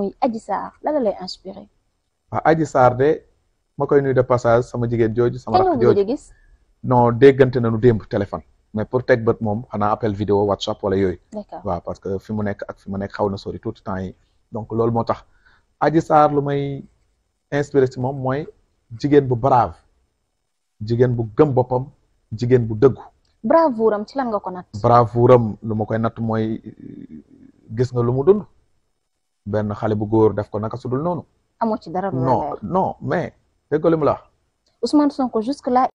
muy Adji Sarr lan la lay inspiré. waaw ah, Adji Sarr de ma koy nuyu de passage sama jigéen jooju sama rakk jooju gis. non déggante nañu démb téléphone. mais pour teg bët moom xanaa appel vidéo WhatsApp wala yooyu. waaw parce que fi mu nekk ak fi mu nekk xaw na sori tuuti temps yi. donc loolu moo tax Adji Sarr lu may inspiré si moom mooy jigéen bu brave jigéen bu gëm boppam jigéen bu dëggu. bravoure am ci lan nga ko natt. bravoure am lu ma koy natt mooy gis nga lu mu dund. benn xale bu góor def ko naka sudul noonu. a ci dara non non mais dégg nga li mu la wax. Ousmane Sonko jusque là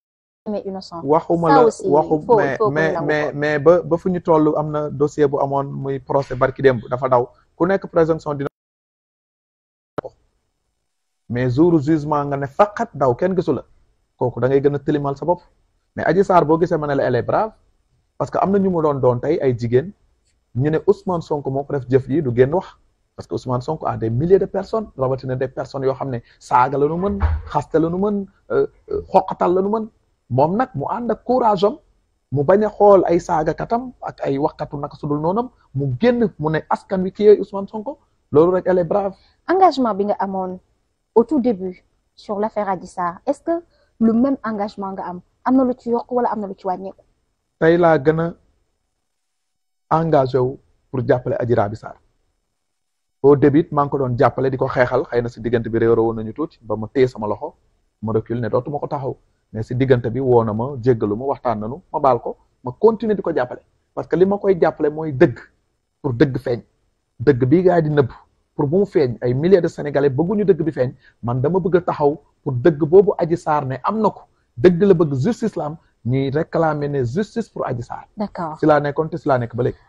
mais innocent. waxuma la waxu mais mais ba ba fu ñu toll am na dossier bu amoon muy procès barki démb dafa daw ku nekk présomption dina mais jour jugement nga ne faqat daw kenn gisu la kooku da ngay gën a tëlimal sa bopp mais Adji saar boo gisee ma ne la elle est brave parce que am na ñu mu doon doon tey ay jigéen ñu ne Ousmane Sonko moo ko def jëf yi du génn wax. parce que Ousmane Sonko a des milliers de personnes rawatina des personnes yoo xam ne saaga la nu mën xaste la nu mën euh, euh, xoqatal la nu man moom nag mu ànd ak courage am mu bañ a xool ay saaga katam ak ay waxkatu naka sudul noonam mu génn mu ne askan wi kii Ousmane Sonko loolu rek elle est brave. engagement bi nga amoon au tout début sur l'affaire Adji Sarr est-ce que le même engagement nga am am na lu ci yokk wala am na lu ci wàññeeku. tey laa gën a engagé wu pour jàppale Adji rabi Sarr au début maa ngi ko doon jàppale di ko xeexal xëy na si diggante bi réeroo woon nañu tuuti ba ma téye sama loxo ma ne dootuma ko taxaw mais si diggante bi woo na ma jéggalu ma waxtaan nanu ma baal ko ma continuer di ko jàppale parce que li ma koy jàppale mooy dëgg pour dëgg feeñ dëgg bii gaa yi di nëbb pour bu mu feeñ ay milliers de sénégalais ñu dëgg bi feeñ man dama bëgg a taxaw pour dëgg boobu aji saar ne am na ko dëgg la bëgg justice la am ñuy réclamer ne pour aji saar. d'accord nekkoon te si ba léegi.